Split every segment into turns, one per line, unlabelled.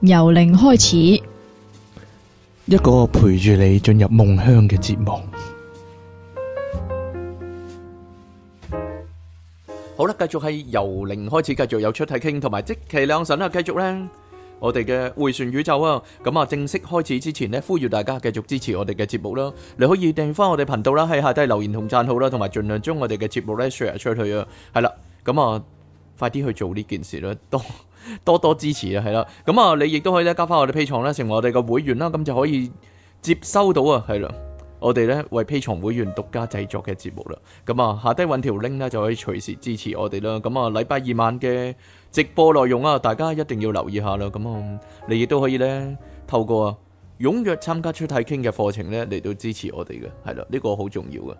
由零開始，
一個陪住你進入夢鄉嘅節目。好啦，繼續係由零開始，繼續有出體傾，同埋即期兩神啦。繼續咧，我哋嘅迴旋宇宙啊，咁啊，正式開始之前呢，呼籲大家繼續支持我哋嘅節目啦。你可以訂翻我哋頻道啦，喺下低留言同讚好啦，同埋盡量將我哋嘅節目咧 share 出去啊。係啦，咁啊，快啲去做呢件事啦，多。多多支持啊，係啦，咁啊，你亦都可以咧加翻我哋 P 床咧，成為我哋個會員啦，咁就可以接收到啊，係啦，我哋咧為 P 床會員獨家製作嘅節目啦。咁啊，下低搵條 link 咧就可以隨時支持我哋啦。咁啊，禮拜二晚嘅直播內容啊，大家一定要留意下啦。咁啊，你亦都可以咧透過踴躍參加出題傾嘅課程咧嚟到支持我哋嘅，係啦，呢、這個好重要噶。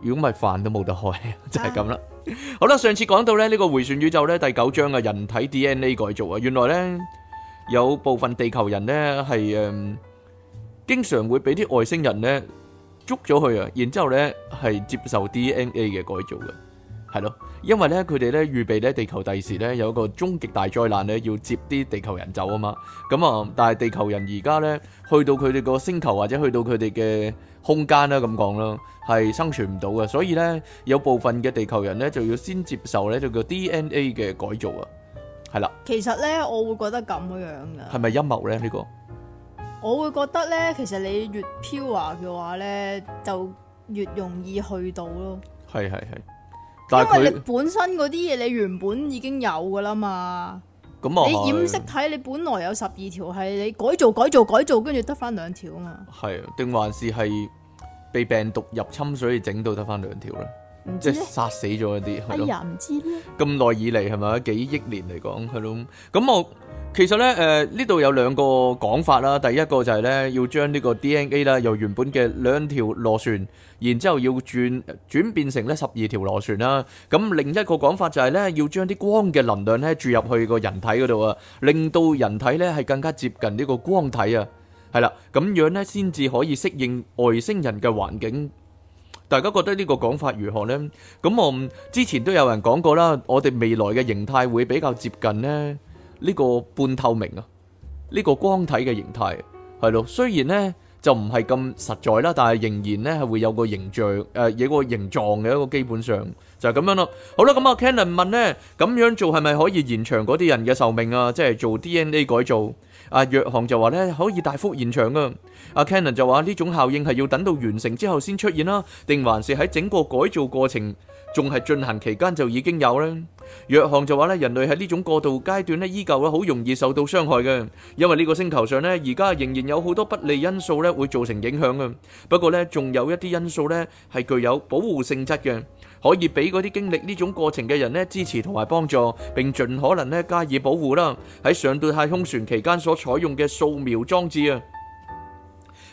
如果唔係飯都冇得開，就係咁啦。 好啦，上次講到咧呢個迴旋宇宙咧第九章啊，人體 DNA 改造啊，原來咧有部分地球人咧係誒經常會俾啲外星人咧捉咗去啊，然之後咧係接受 DNA 嘅改造嘅，係咯，因為咧佢哋咧預備咧地球第時咧有一個終極大災難咧要接啲地球人走啊嘛，咁啊，但係地球人而家咧去到佢哋個星球或者去到佢哋嘅。空間啦咁講啦，係生存唔到嘅，所以咧有部分嘅地球人咧就要先接受咧就叫 DNA 嘅改造啊，係啦。
其實咧，我會覺得咁樣
嘅。係咪陰謀咧？呢個
我會覺得咧，其實你越飄華嘅話咧，就越容易去到咯。
係係係。因為你
本身嗰啲嘢，你原本已經有噶啦嘛。
你染色
體你本來有十二條，係你改造改造改造，跟住得翻兩條啊嘛。
係啊，定還是係被病毒入侵，所以整到得翻兩條咧，即係殺死咗一啲。咯。哎呀，唔知咁耐以嚟係咪啊？幾億年嚟講，係咯。咁我。其實咧，誒呢度有兩個講法啦。第一個就係咧，要將呢個 DNA 啦，由原本嘅兩條螺旋，然之後要轉轉變成咧十二條螺旋啦。咁另一個講法就係咧，要將啲光嘅能量咧注入去個人體嗰度啊，令到人體咧係更加接近呢個光體啊。係啦，咁樣咧先至可以適應外星人嘅環境。大家覺得呢個講法如何呢？咁、嗯、我之前都有人講過啦，我哋未來嘅形態會比較接近呢。呢個半透明啊，呢個光體嘅形態係咯，雖然呢就唔係咁實在啦，但係仍然呢係會有個形象誒，有個形狀嘅，一個基本上就係咁樣咯。好啦，咁啊，Cannon 問呢，咁樣做係咪可以延長嗰啲人嘅壽命啊？即係做 DNA 改造啊，約翰就話呢可以大幅延長啊。阿 Cannon 就話呢種效應係要等到完成之後先出現啦，定還是喺整個改造過程？仲係進行期間就已經有啦。約翰就話咧，人類喺呢種過渡階段咧，依舊咧好容易受到傷害嘅，因為呢個星球上咧而家仍然有好多不利因素咧會造成影響啊。不過咧仲有一啲因素咧係具有保護性質嘅，可以俾嗰啲經歷呢種過程嘅人咧支持同埋幫助，並盡可能咧加以保護啦。喺上對太空船期間所採用嘅掃描裝置啊。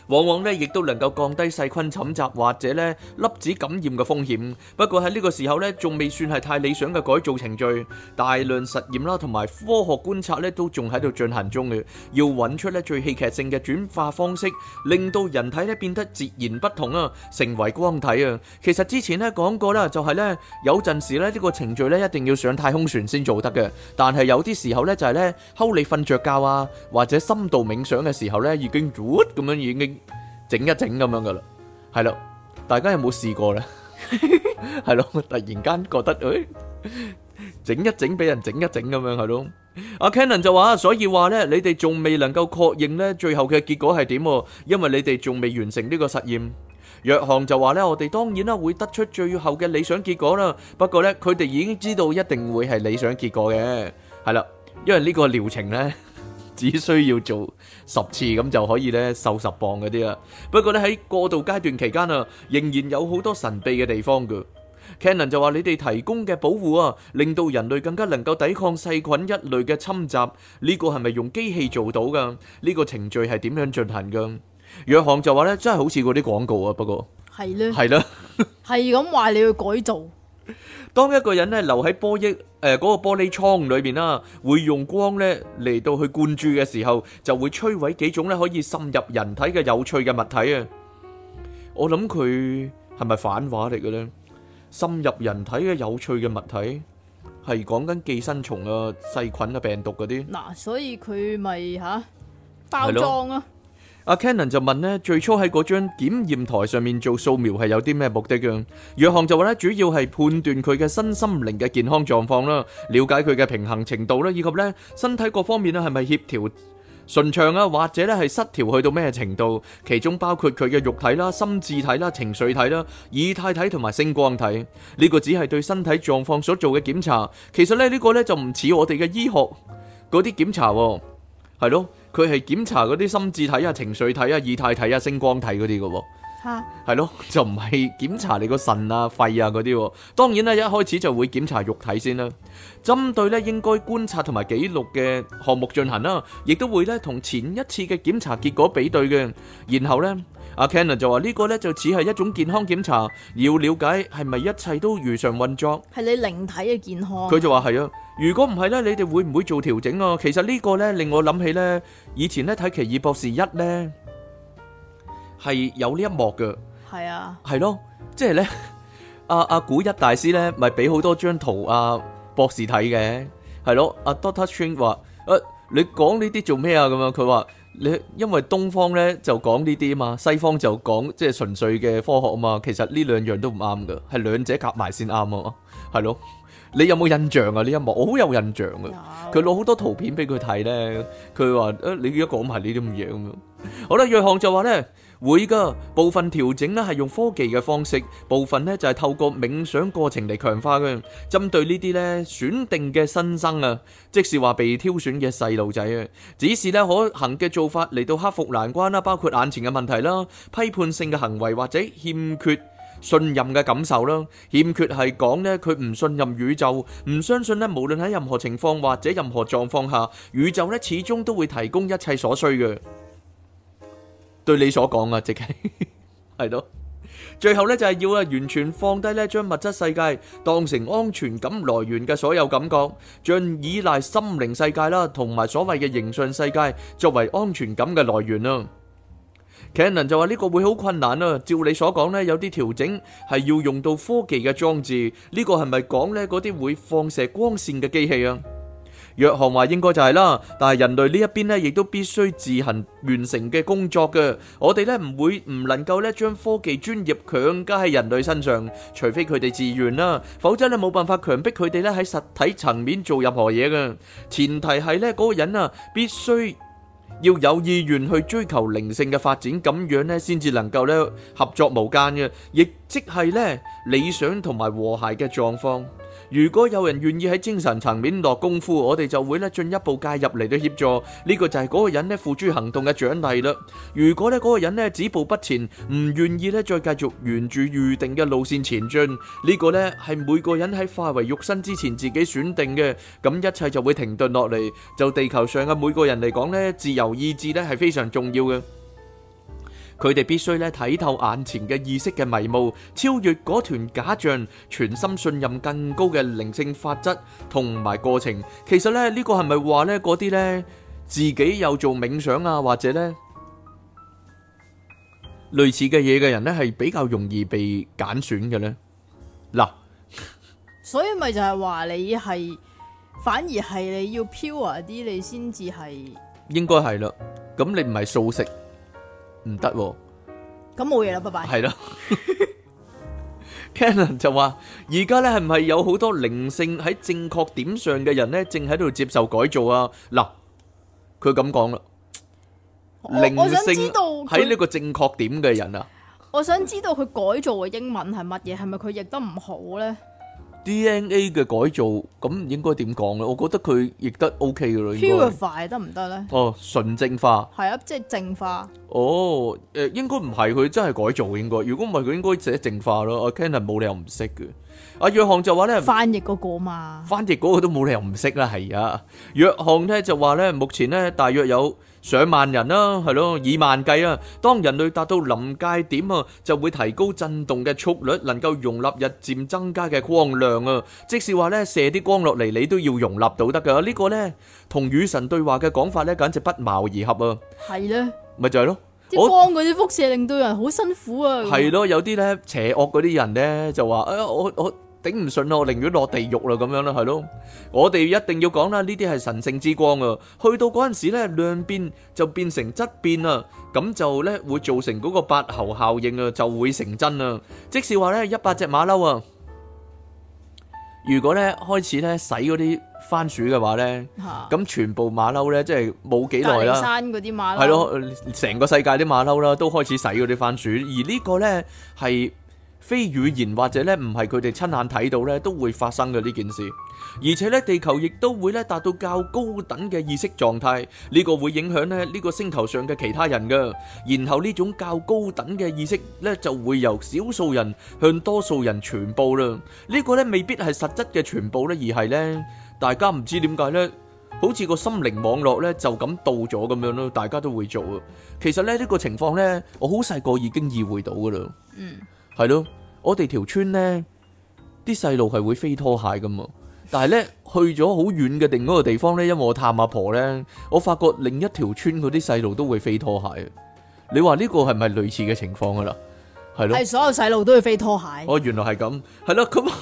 往往咧亦都能夠降低細菌侵襲或者咧粒子感染嘅風險。不過喺呢個時候咧，仲未算係太理想嘅改造程序。大量實驗啦，同埋科學觀察咧，都仲喺度進行中嘅。要揾出咧最戲劇性嘅轉化方式，令到人體咧變得截然不同啊，成為光體啊。其實之前咧講過啦，就是，就係咧有陣時咧呢個程序咧一定要上太空船先做得嘅。但係有啲時候咧就係、是、咧，喺你瞓着覺啊，或者深度冥想嘅時候咧，已經咁、呃、樣已經。整一整咁樣噶啦，係咯，大家有冇試過咧？係咯，突然間覺得，誒，整一整俾人整一整咁樣係咯。阿 Cannon 就話，所以話咧，你哋仲未能夠確認咧，最後嘅結果係點？因為你哋仲未完成呢個實驗。約翰就話咧，我哋當然啦會得出最後嘅理想結果啦，不過咧佢哋已經知道一定會係理想結果嘅，係啦，因為呢個療程咧。只需要做十次，咁就可以咧，瘦十磅嗰啲啦。不過咧，喺過渡階段期間啊，仍然有好多神秘嘅地方噶。Canon 就話，你哋提供嘅保護啊，令到人類更加能夠抵抗細菌一類嘅侵襲。呢個係咪用機器做到噶？呢個程序係點樣進行噶？約翰就話咧，真係好似嗰啲廣告啊。不過係咧，係咧，
係咁話你要改造。
當一個人咧留喺玻璃誒嗰個玻璃窗裏面啦，會用光咧嚟到去灌注嘅時候，就會摧毀幾種咧可以滲入人體嘅有趣嘅物體啊！我諗佢係咪反話嚟嘅咧？滲入人體嘅有趣嘅物體，係講緊寄生蟲啊、細菌啊、病毒嗰啲。嗱，
所以佢咪嚇包裝啊！
阿 Canon 就問呢，最初喺嗰張檢驗台上面做掃描係有啲咩目的嘅？約翰就話咧，主要係判斷佢嘅身心靈嘅健康狀況啦，了解佢嘅平衡程度啦，以及咧身體各方面咧係咪協調順暢啊，或者咧係失調去到咩程度？其中包括佢嘅肉體啦、心智體啦、情緒體啦、以太體同埋星光體。呢個只係對身體狀況所做嘅檢查。其實咧呢個咧就唔似我哋嘅醫學嗰啲檢查喎，係咯。佢係檢查嗰啲心智體啊、情緒體啊、意態體啊、星光體嗰啲嘅喎，嚇哈，係咯，就唔係檢查你個腎啊、肺啊嗰啲，哦。當然啦，一開始就會檢查肉體先啦。針對咧應該觀察同埋記錄嘅項目進行啦、啊，亦都會咧同前一次嘅檢查結果比對嘅，然後咧。阿 Kenner 就話：這個、呢個咧就似係一種健康檢查，要了解係咪一切都如常運作，
係你靈體嘅健康。佢
就話：係啊，如果唔係咧，你哋會唔會做調整啊？其實個呢個咧令我諗起咧，以前咧睇《奇異博士一呢》咧係有呢一幕嘅，係啊，係咯，即係咧，阿、啊、阿古一大師咧咪俾好多張圖阿、啊、博士睇嘅，係咯，阿 Doctor Strange 話：誒、啊，你講呢啲做咩啊？咁樣佢話。你因為東方咧就講呢啲啊嘛，西方就講即係純粹嘅科學啊嘛，其實呢兩樣都唔啱噶，係兩者夾埋先啱啊，係咯。你有冇印象啊？呢一幕我好有印象啊。佢攞好多圖片俾佢睇咧，佢話誒，你一講埋呢啲咁嘢咁樣。好啦，約翰就話咧。會噶，部分調整咧，係用科技嘅方式，部分咧就係透過冥想過程嚟強化嘅。針對呢啲咧選定嘅新生啊，即是話被挑選嘅細路仔啊，指示咧可行嘅做法嚟到克服難關啦，包括眼前嘅問題啦，批判性嘅行為或者欠缺信任嘅感受啦，欠缺係講呢，佢唔信任宇宙，唔相信呢，無論喺任何情況或者任何狀況下，宇宙咧始終都會提供一切所需嘅。對你所講啊，即係係咯。最後咧就係要啊完全放低咧，將物質世界當成安全感來源嘅所有感覺，將依賴心靈世界啦，同埋所謂嘅形上世界作為安全感嘅來源啦。卡倫就話呢個會好困難啦。照你所講咧，有啲調整係要用到科技嘅裝置，呢個係咪講咧嗰啲會放射光線嘅機器啊？約翰話應該就係啦，但係人類呢一邊呢，亦都必須自行完成嘅工作嘅。我哋呢唔會唔能夠呢將科技專業強加喺人類身上，除非佢哋自願啦，否則呢冇辦法強迫佢哋呢喺實體層面做任何嘢嘅。前提係呢嗰個人啊，必須要有意願去追求靈性嘅發展，咁樣呢先至能夠呢合作無間嘅，亦即係呢理想同埋和諧嘅狀況。如果有人願意喺精神層面落功夫，我哋就會咧進一步介入嚟到協助。呢個就係嗰個人咧付諸行動嘅獎勵啦。如果咧嗰個人咧止步不前，唔願意咧再繼續沿住預定嘅路線前進，呢個咧係每個人喺化為肉身之前自己選定嘅。咁一切就會停頓落嚟。就地球上嘅每個人嚟講咧，自由意志咧係非常重要嘅。佢哋必須咧睇透眼前嘅意識嘅迷霧，超越嗰團假象，全心信任更高嘅靈性法則同埋過程。其實咧呢個係咪話咧嗰啲咧自己有做冥想啊或者咧類似嘅嘢嘅人咧係比較容易被揀選嘅咧？嗱，
所以咪就係話你係反而係你要 pure 啲，你先至係
應該係啦。咁你唔係素食。唔得，
咁冇嘢啦，拜拜。係
咯，Canon 就話而家咧係唔係有好多靈性喺正確點上嘅人咧，正喺度接受改造啊？嗱，佢咁講啦，靈性我想知道喺呢個正確點嘅人啊，
我想知道佢改造嘅英文係乜嘢？係咪佢譯得唔好咧？
DNA 嘅改造咁唔應該點講咧？我覺得佢亦都 OK 嘅啦。Purify 得唔得咧？哦，純淨化。
係啊，即係淨化。
哦，誒應該唔係佢真係改造嘅應該。如果唔係佢應該寫淨化咯。阿 Kenneth 冇理由唔識嘅。阿約翰就話咧，
翻譯嗰個
嘛。翻譯嗰個都冇理由唔識啦，係啊。約翰咧就話咧，目前咧大約有。上萬人啦，係咯，以萬計啊！當人類達到臨界點啊，就會提高振動嘅速率，能夠容納日漸增加嘅光量啊！即係話咧，射啲光落嚟，你都要容納到得㗎。呢個咧，同與神對話嘅講法咧，簡直不謀而合啊！係咧，咪就係咯，
光嗰啲輻射令到人好辛苦啊！係
咯，有啲咧邪惡嗰啲人咧就話，哎呀，我我。頂唔順咯，我寧願落地獄啦，咁樣啦，係咯。我哋一定要講啦，呢啲係神聖之光啊。去到嗰陣時咧，量變就變成質變啦，咁就咧會造成嗰個八猴效應啊，就會成真啊。即使話咧一百隻馬騮啊，如果咧開始咧洗嗰啲番薯嘅話咧，咁全部馬騮咧即係冇幾耐啦，山
嗰啲馬騮係
咯，成個世界啲馬騮啦都開始洗嗰啲番薯，而呢個咧係。非語言或者咧唔係佢哋親眼睇到咧都會發生嘅呢件事，而且咧地球亦都會咧達到較高等嘅意識狀態，呢個會影響咧呢個星球上嘅其他人噶。然後呢種較高等嘅意識咧就會由少數人向多數人傳播啦。呢個咧未必係實質嘅傳播咧，而係咧大家唔知點解咧，好似個心靈網絡咧就咁到咗咁樣咯，大家都會做啊。其實咧呢個情況咧，我好細個已經意會到噶啦。嗯。係咯，我哋條村咧，啲細路係會飛拖鞋噶嘛。但係咧去咗好遠嘅另一個地方咧，因為我探阿婆咧，我發覺另一條村嗰啲細路都會飛拖鞋。你話呢個係咪類似嘅情況噶啦？係咯，係
所有細路都會飛拖鞋。
哦，原來係咁。係咯，咁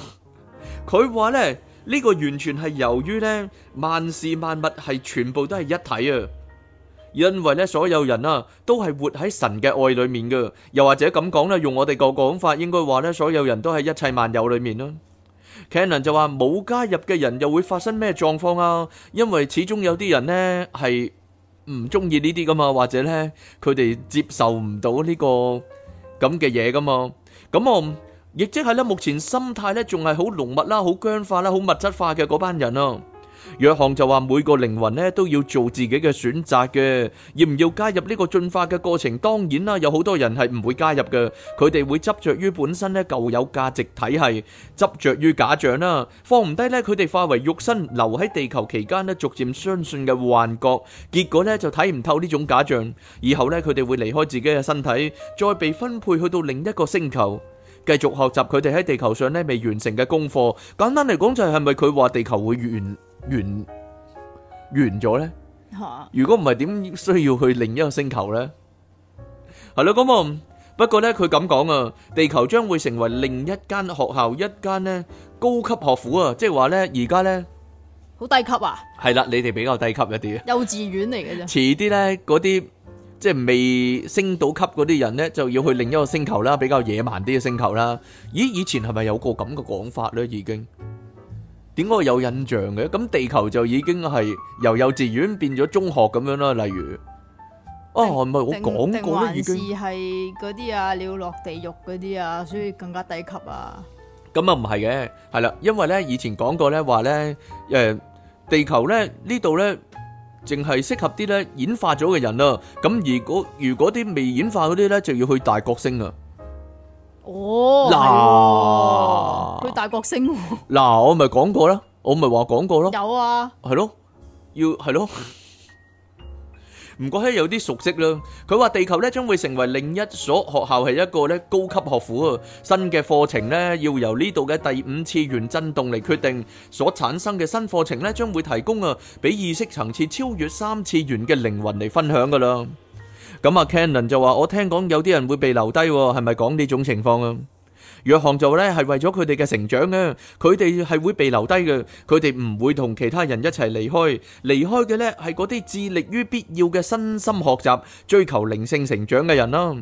佢話咧呢個完全係由於咧萬事萬物係全部都係一體啊。因為咧，所有人啊，都係活喺神嘅愛裏面噶。又或者咁講咧，用我哋個講法，應該話咧，所有人都喺一切萬有裏面啦。Cannon 就話冇加入嘅人又會發生咩狀況啊？因為始終有啲人咧係唔中意呢啲噶嘛，或者咧佢哋接受唔到呢個咁嘅嘢噶嘛。咁我亦即係咧，目前心態咧仲係好濃密啦、好僵化啦、好物質化嘅嗰班人啊。約翰就話，每個靈魂咧都要做自己嘅選擇嘅，要唔要加入呢個進化嘅過程？當然啦，有好多人係唔會加入嘅，佢哋會執着於本身咧舊有價值體系，執着於假象啦，放唔低咧，佢哋化為肉身留喺地球期間咧，逐漸相信嘅幻覺，結果咧就睇唔透呢種假象。以後咧佢哋會離開自己嘅身體，再被分配去到另一個星球，繼續學習佢哋喺地球上咧未完成嘅功課。簡單嚟講就係，係咪佢話地球會完？完完咗呢，如果唔係點需要去另一個星球呢？係咯，咁啊，不過呢佢咁講啊，地球將會成為另一間學校，一間呢高級學府啊，即係話呢而家呢
好低級啊，
係啦，你哋比較低級一啲，
幼稚園嚟嘅啫。
遲啲呢，嗰啲即係未升到級嗰啲人呢，就要去另一個星球啦，比較野蠻啲嘅星球啦。咦，以前係咪有個咁嘅講法呢？已經。點解有印象嘅？咁地球就已經係由幼稚園變咗中學咁樣啦。例如，定啊唔係定我講過咧，已經亦
係嗰啲啊，你要落地獄嗰啲啊，所以更加低級啊。
咁啊唔係嘅，係啦，因為咧以前講過咧話咧，誒、呃、地球咧呢度咧淨係適合啲咧演化咗嘅人啦，啊。咁如果如果啲未演化嗰啲咧就要去大角星啊。哦，嗱喏，佢、
啊、大角星、
啊，嗱，我咪講過啦，我咪話講過咯，有啊，係咯，要係咯，唔 怪得有啲熟悉啦。佢話地球咧將會成為另一所學校，係一個咧高級學府啊。新嘅課程咧要由呢度嘅第五次元震動嚟決定，所產生嘅新課程咧將會提供啊俾意識層次超越三次元嘅靈魂嚟分享噶啦。咁啊，Cannon 就話：我聽講有啲人會被留低，係咪講呢種情況啊？約翰就咧係為咗佢哋嘅成長啊，佢哋係會被留低嘅，佢哋唔會同其他人一齊離開。離開嘅咧係嗰啲致力於必要嘅身心學習、追求靈性成長嘅人咯。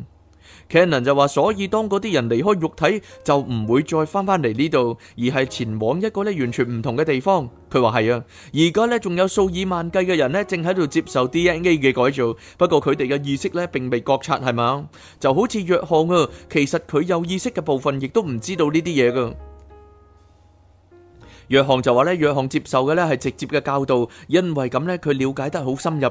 Cannon 就話，所以當嗰啲人離開肉體，就唔會再翻返嚟呢度，而係前往一個咧完全唔同嘅地方。佢話係啊，而家咧仲有數以萬計嘅人咧，正喺度接受 DNA 嘅改造，不過佢哋嘅意識咧，並未覺察，係嘛？就好似約翰啊，其實佢有意識嘅部分，亦都唔知道呢啲嘢噶。約翰就話約翰接受的是直接的教導，因為咁他了解得很深入。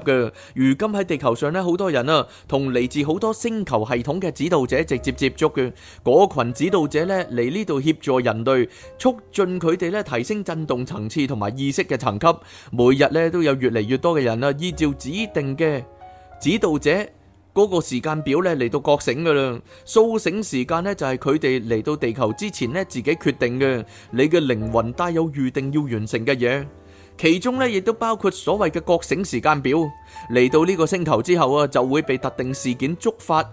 如今在地球上，很多人和來自很多星球系統的指導者直接接觸。那群指導者來這裡協助人類，促進他們提升振動層次和意識的層級。每日都有越來越多的人依照指定的指導者嗰個時間表咧嚟到覺醒㗎喇，甦醒時間咧就係佢哋嚟到地球之前咧自己決定嘅。你嘅靈魂帶有預定要完成嘅嘢，其中咧亦都包括所謂嘅覺醒時間表。嚟到呢個星球之後啊，就會被特定事件觸發。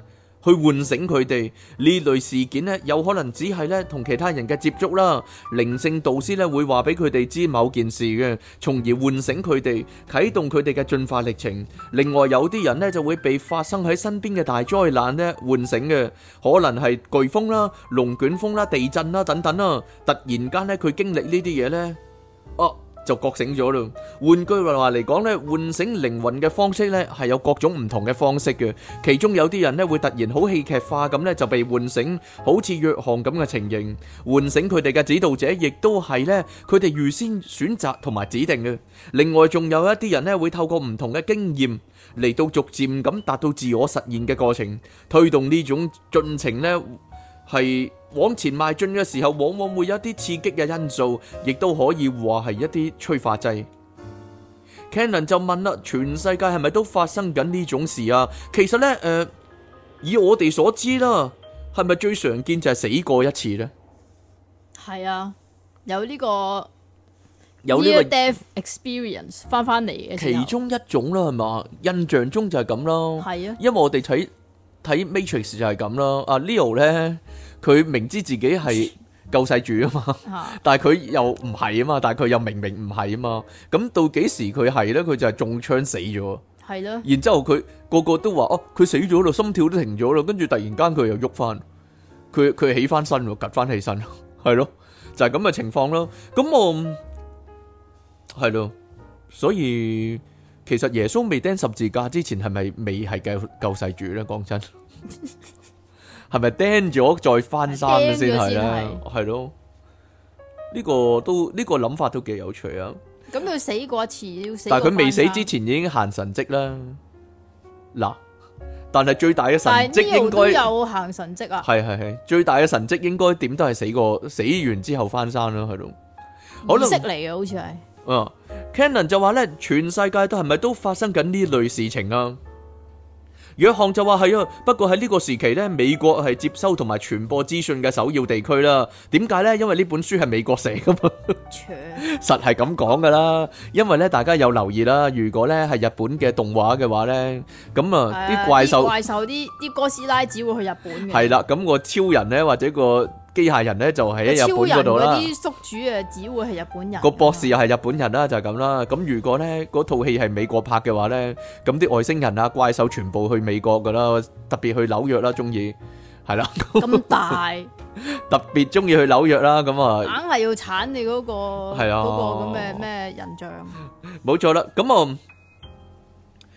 去喚醒佢哋。呢類事件呢，有可能只係咧同其他人嘅接觸啦。靈性導師咧會話俾佢哋知某件事嘅，從而喚醒佢哋，啟動佢哋嘅進化歷程。另外有啲人呢，就會被發生喺身邊嘅大災難咧喚醒嘅，可能係颶風啦、龍捲風啦、地震啦等等啦。突然間咧佢經歷呢啲嘢呢。哦、啊。就覺醒咗咯。換句話嚟講咧，喚醒靈魂嘅方式咧係有各種唔同嘅方式嘅。其中有啲人咧會突然好戲劇化咁咧就被喚醒，好似約翰咁嘅情形。喚醒佢哋嘅指導者亦都係咧佢哋預先選擇同埋指定嘅。另外仲有一啲人咧會透過唔同嘅經驗嚟到逐漸咁達到自我實現嘅過程，推動呢種進程咧係。往前邁進嘅時候，往往會有一啲刺激嘅因素，亦都可以話係一啲催化劑。Canon 就問啦，全世界係咪都發生緊呢種事啊？其實咧，誒、呃，以我哋所知啦，係咪最常見就係死過一次咧？
係啊，有呢、這個
有呢、這個 death
experience 翻翻嚟嘅，其
中一種啦，係嘛？印象中就係咁咯，係啊，因為我哋睇睇 Matrix 就係咁啦。阿、啊、Leo 咧。佢明知自己係救世主啊嘛，但係佢又唔係啊嘛，但係佢又明明唔係啊嘛，咁到幾時佢係咧？佢就係中槍死咗，係咯。然之後佢個個都話哦，佢死咗咯，心跳都停咗咯，跟住突然間佢又喐翻，佢佢起翻身，夾翻起身，係咯，就係咁嘅情況咯。咁我係咯，所以其實耶穌未釘十字架之前，係咪未係嘅救世主咧？講真。係咪掟咗再翻山嘅先係啦？係咯，呢個都呢個諗法都幾有趣啊！
咁佢死過一次，要死。但係佢未死之
前已經行神蹟啦。嗱，但係最大嘅神蹟應該有
行神蹟啊！
係係係，最大嘅神蹟應該點都係死過死完之後翻山啦，係咯。好識
嚟嘅，好似
係。嗯，Canon 就話咧，全世界都係咪都發生緊呢類事情啊？若航就話係啊，不過喺呢個時期咧，美國係接收同埋傳播資訊嘅首要地區啦。點解咧？因為呢本書係美國寫噶嘛，實係咁講噶啦。因為咧，大家有留意啦，如果咧係日本嘅動畫嘅話咧，咁啊啲怪獸怪
獸啲啲哥斯拉只會去日本嘅。
係啦，咁個超人咧或者個。機械人咧就喺日本嗰度啦。嗰
啲宿主啊，只會係日本人。個
博士又係日本人啦，就係咁啦。咁如果咧嗰套戲係美國拍嘅話咧，咁啲外星人啊、怪獸全部去美國噶啦，特別去紐約啦，中意係啦。咁大特別中意去紐約啦，咁啊，
硬係要剷你嗰個係
啊嗰個咁嘅
咩人像。
冇錯啦，咁我。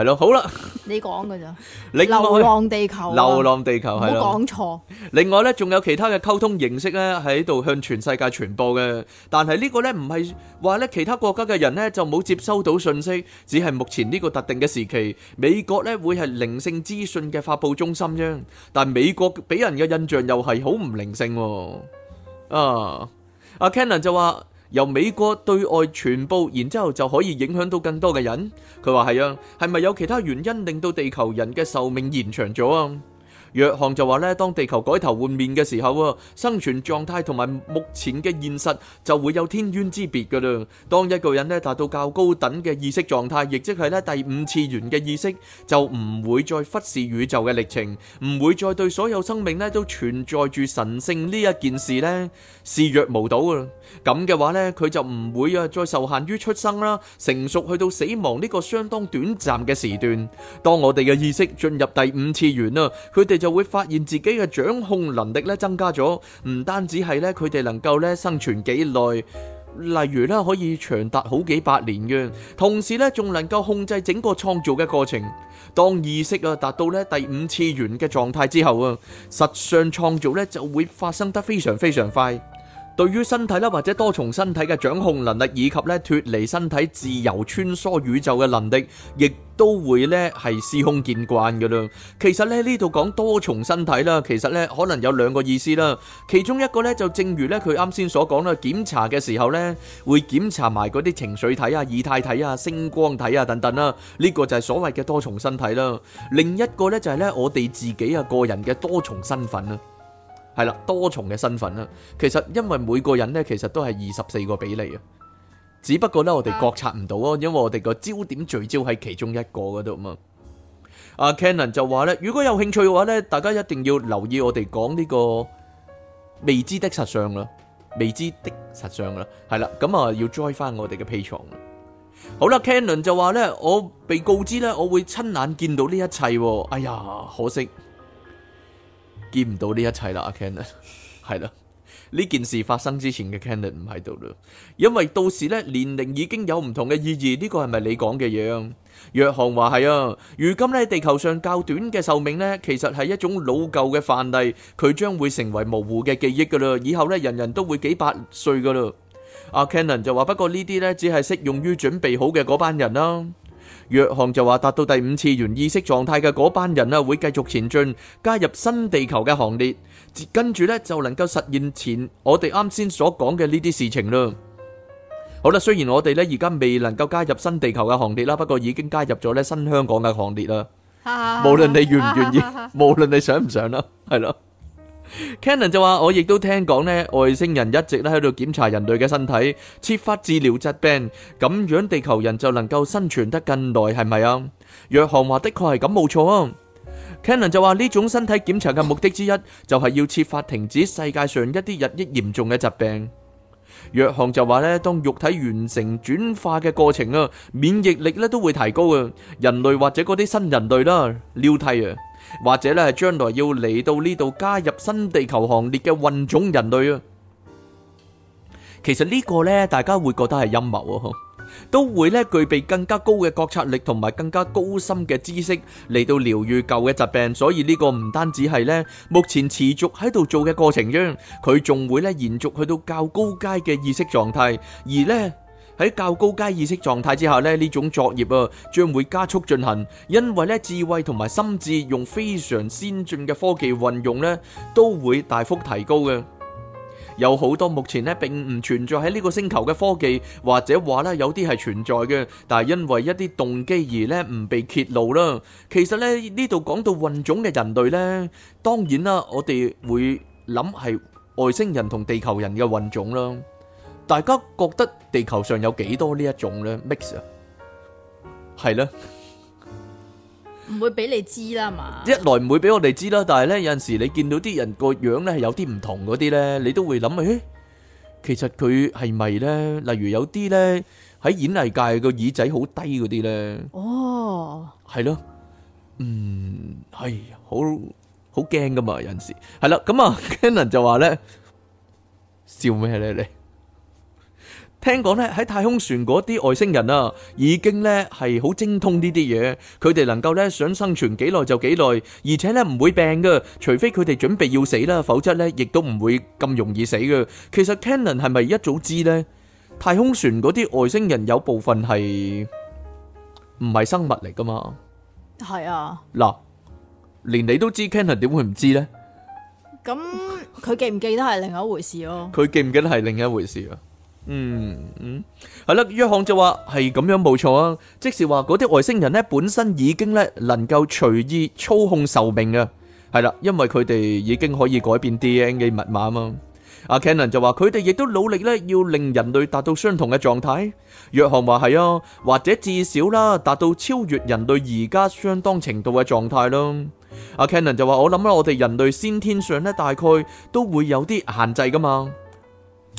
係咯，好啦，
你講噶咋？另外，流浪地球，流浪
地球係。冇講錯。另外咧，仲有其他嘅溝通形式咧，喺度向全世界傳播嘅。但係呢個咧，唔係話咧其他國家嘅人咧就冇接收到信息，只係目前呢個特定嘅時期，美國咧會係靈性資訊嘅發布中心啫。但係美國俾人嘅印象又係好唔靈性。啊，阿 Cannon 就話。由美國對外傳播，然之後就可以影響到更多嘅人。佢話係啊，係咪有其他原因令到地球人嘅壽命延長咗啊？約翰就話咧，當地球改頭換面嘅時候，生存狀態同埋目前嘅現實就會有天淵之別噶啦。當一個人咧達到較高等嘅意識狀態，亦即係咧第五次元嘅意識，就唔會再忽視宇宙嘅歷程，唔會再對所有生命咧都存在住神聖呢一件事咧視若無睹噶。咁嘅話咧，佢就唔會啊再受限於出生啦、成熟去到死亡呢個相當短暫嘅時段。當我哋嘅意識進入第五次元啦，佢哋就會發現自己嘅掌控能力咧增加咗，唔單止係咧，佢哋能夠咧生存幾耐，例如咧可以長達好幾百年嘅，同時咧仲能夠控制整個創造嘅過程。當意識啊達到咧第五次元嘅狀態之後啊，實相創造咧就會發生得非常非常快。對於身體啦，或者多重身體嘅掌控能力，以及咧脫離身體自由穿梭宇宙嘅能力，亦都會咧係司空見慣噶啦。其實咧呢度講多重身體啦，其實咧可能有兩個意思啦。其中一個咧就正如咧佢啱先所講啦，檢查嘅時候咧會檢查埋嗰啲情緒體啊、以太體啊、星光體啊等等啦。呢個就係所謂嘅多重身體啦。另一個咧就係咧我哋自己啊個人嘅多重身份啦。係啦，多重嘅身份啦。其實因為每個人咧，其實都係二十四個比例啊。只不過咧，我哋覺察唔到啊，因為我哋個焦點聚焦喺其中一個嗰度嘛。阿 Cannon、啊、就話咧，如果有興趣嘅話咧，大家一定要留意我哋講呢、這個未知的實相啦，未知的實相啦。係啦，咁啊要 join 翻我哋嘅 Patreon。好啦，Cannon 就話咧，我被告知咧，我會親眼見到呢一切，啊。哎呀，可惜。見唔到呢一切啦阿 Cannon 係啦，呢 件事發生之前嘅 Cannon 唔喺度啦，因為到時呢，年齡已經有唔同嘅意義，呢、這個係咪你講嘅嘢啊？約翰話係啊，如今咧地球上較短嘅壽命呢，其實係一種老舊嘅範例，佢將會成為模糊嘅記憶噶啦，以後呢，人人都會幾百歲噶啦。阿 Cannon 就話：，不過呢啲呢，只係適用於準備好嘅嗰班人啦。約翰就話，達到第五次元意識狀態嘅嗰班人啊，會繼續前進，加入新地球嘅行列，跟住呢，就能夠實現前我哋啱先所講嘅呢啲事情咯。好啦，雖然我哋呢而家未能夠加入新地球嘅行列啦，不過已經加入咗呢新香港嘅行列啦。 無論你願唔願意，無論你想唔想啦，係咯。Cannon 就話：我亦都聽講呢，外星人一直咧喺度檢查人類嘅身體，設法治療疾病，咁樣地球人就能夠生存得更耐，係咪啊？約翰話的確係咁冇錯啊。Cannon 就話呢種身體檢查嘅目的之一，就係要設法停止世界上一啲日益嚴重嘅疾病。約翰就話呢，當肉體完成轉化嘅過程啊，免疫力咧都會提高啊，人類或者嗰啲新人類啦，尿涕啊！或者咧係將來要嚟到呢度加入新地球行列嘅混種人類啊，其實個呢個咧大家會覺得係陰謀啊，都會咧具備更加高嘅覺察力同埋更加高深嘅知識嚟到療愈舊嘅疾病，所以呢個唔單止係咧目前持續喺度做嘅過程中，佢仲會咧延續去到較高階嘅意識狀態，而呢。喺較高階意識狀態之下咧，呢種作業啊，將會加速進行，因為咧智慧同埋心智用非常先進嘅科技運用咧，都會大幅提高嘅。有好多目前咧並唔存在喺呢個星球嘅科技，或者話咧有啲係存在嘅，但係因為一啲動機而咧唔被揭露啦。其實咧呢度講到混種嘅人類咧，當然啦，我哋會諗係外星人同地球人嘅混種啦。大家覺得地球上有幾多呢一種咧？Mix 啊，係咧，
唔會俾你知啦嘛。
一來唔會俾我哋知啦，但係咧有陣時你見到啲人個樣咧係有啲唔同嗰啲咧，你都會諗誒，其實佢係咪咧？例如有啲咧喺演藝界個耳仔好低嗰啲咧，
哦，
係咯，嗯，係好好驚㗎嘛，有陣時係啦，咁啊，Canon 就話咧，笑咩咧你？聽講咧，喺太空船嗰啲外星人啊，已經咧係好精通呢啲嘢。佢哋能夠咧想生存幾耐就幾耐，而且咧唔會病噶，除非佢哋準備要死啦，否則咧亦都唔會咁容易死噶。其實 Cannon 係咪一早知呢？太空船嗰啲外星人有部分係唔係生物嚟噶嘛？
係啊，
嗱，連你都知 Cannon 點會唔知呢？
咁佢記唔記得係另一回事咯？
佢記唔記得係另一回事啊？嗯嗯，係啦，約翰就話係咁樣冇錯啊，即係話嗰啲外星人咧本身已經咧能夠隨意操控壽命啊，係啦，因為佢哋已經可以改變 DNA 密碼嘛。阿 Cannon 就話佢哋亦都努力咧要令人類達到相同嘅狀態。約翰話係啊，或者至少啦達到超越人類而家相當程度嘅狀態咯。阿 Cannon 就話我諗啦，我哋人類先天上咧大概都會有啲限制㗎嘛。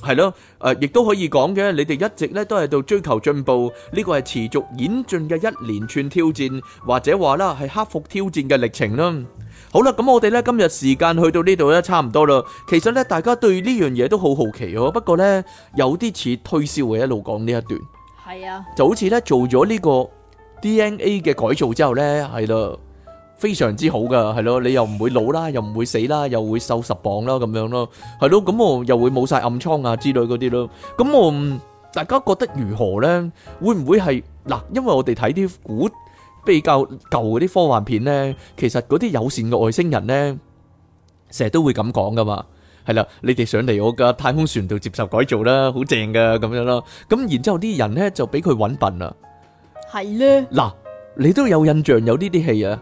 係咯，誒、呃，亦都可以講嘅。你哋一直咧都喺度追求進步，呢、這個係持續演進嘅一連串挑戰，或者話啦係克服挑戰嘅歷程啦。好啦，咁、嗯嗯、我哋咧今日時間去到呢度咧，差唔多啦。其實咧，大家對呢樣嘢，都好好奇哦。不過呢，有啲似推銷嘅一路講呢一段。係啊的，就好似咧做咗呢個 DNA 嘅改造之後呢。係咯。非常之好噶，係咯，你又唔會老啦，又唔會死啦，又會瘦十磅啦，咁樣咯，係咯，咁我又會冇晒暗瘡啊，之類嗰啲咯。咁我大家覺得如何咧？會唔會係？嗱，因為我哋睇啲古比較舊嗰啲科幻片咧，其實嗰啲友善嘅外星人咧，成日都會咁講噶嘛。係啦，你哋上嚟我嘅太空船度接受改造啦，好正噶咁樣咯。咁然之後啲人咧就俾佢搵笨啦，
係咧
嗱，你都有印象有呢啲戲啊？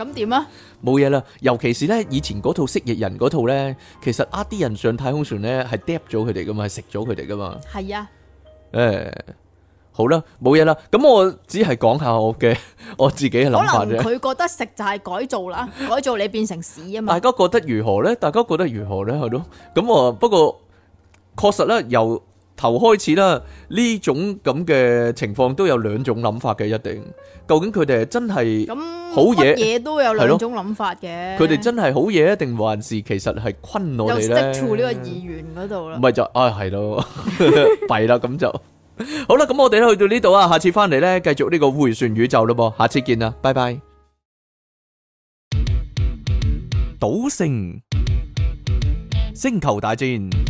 咁點啊？冇嘢啦，尤其是咧，以前嗰套蜥蜴人嗰套咧，其實啱啲人上太空船咧，係掉咗佢哋噶嘛，係食咗佢哋噶嘛。係啊。誒，好啦，冇嘢啦。咁我只係講下我嘅我自己嘅諗法啫。可能佢
覺得食就係改造啦，改造你變成屎啊嘛。大家
覺得如何咧？大家覺得如何咧？係咯。咁我不過確實咧又。頭開始啦，呢種咁嘅情況都有兩種諗法嘅，一定究竟佢哋係真係好嘢，嘢都有兩種
諗法嘅。佢哋
真係好嘢，定還是其實係昆我哋咧？又識住呢個議員嗰
度啦，唔
係就唉係咯弊啦，咁就好啦。咁我哋咧去到呢度啊，下次翻嚟咧繼續呢個回旋宇宙啦。噃下次見啦，拜拜。賭聖星球大戰。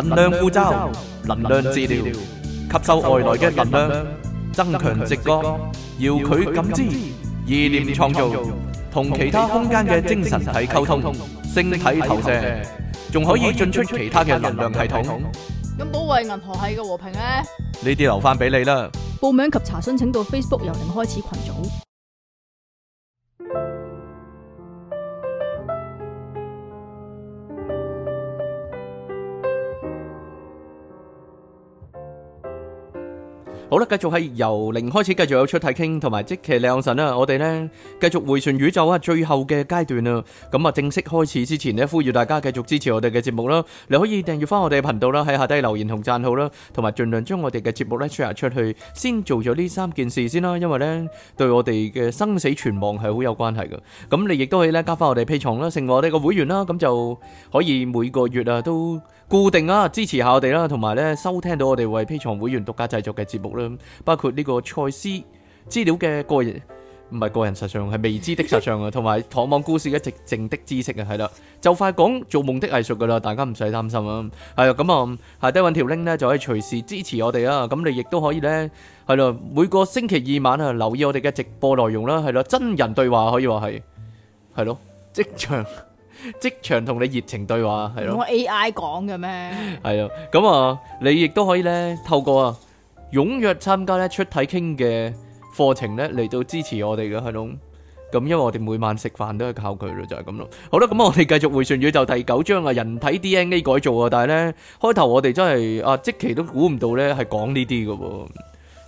能量護罩、能量治療、吸收外來嘅能量、增強直覺、遙距感知、意念創造、同其他空間嘅精神體溝通、星體投射，仲可以進出其他嘅能量系統。
咁保衛銀河系嘅和平咧？
呢啲留翻俾你啦。
報名及查詢請到 Facebook 由零開始群組。
好啦，繼續係由零開始，繼續有出題傾同埋即其兩神啦。我哋呢，繼續回旋宇宙啊，最後嘅階段啦。咁啊，正式開始之前呢，呼籲大家繼續支持我哋嘅節目啦。你可以訂閱翻我哋嘅頻道啦，喺下低留言同讚好啦，同埋盡量將我哋嘅節目呢 share 出去。先做咗呢三件事先啦，因為呢，對我哋嘅生死存亡係好有關係嘅。咁你亦都可以咧加翻我哋屁床啦，成為我哋嘅會員啦，咁就可以每個月啊都。固定啊，支持下我哋啦、啊，同埋咧收聽到我哋為 Patreon 會員獨家製作嘅節目啦，包括呢個賽斯資料嘅個人，唔係個人實相係未知的實相啊，同埋《唐望故事》嘅寂靜的知識啊，係啦，就快講做夢的藝術噶啦，大家唔使擔心啊，係啦，咁、嗯、啊，係低揾條 link 咧，就可以隨時支持我哋啊，咁你亦都可以咧，係啦，每個星期二晚啊，留意我哋嘅直播內容啦、啊，係啦，真人對話可以話係，係咯，即場。 即場同你熱情對話係咯，用
A I 講嘅咩
係啊？咁 啊，你亦都可以咧透過啊，踴躍參加咧出體傾嘅課程咧嚟到支持我哋嘅係咯。咁因為我哋每晚食飯都係靠佢咯，就係咁咯。好啦，咁我哋繼續迴旋宇宙第九章啊。人體 D N A 改造呢啊，但係咧開頭我哋真係啊即期都估唔到咧係講呢啲嘅喎，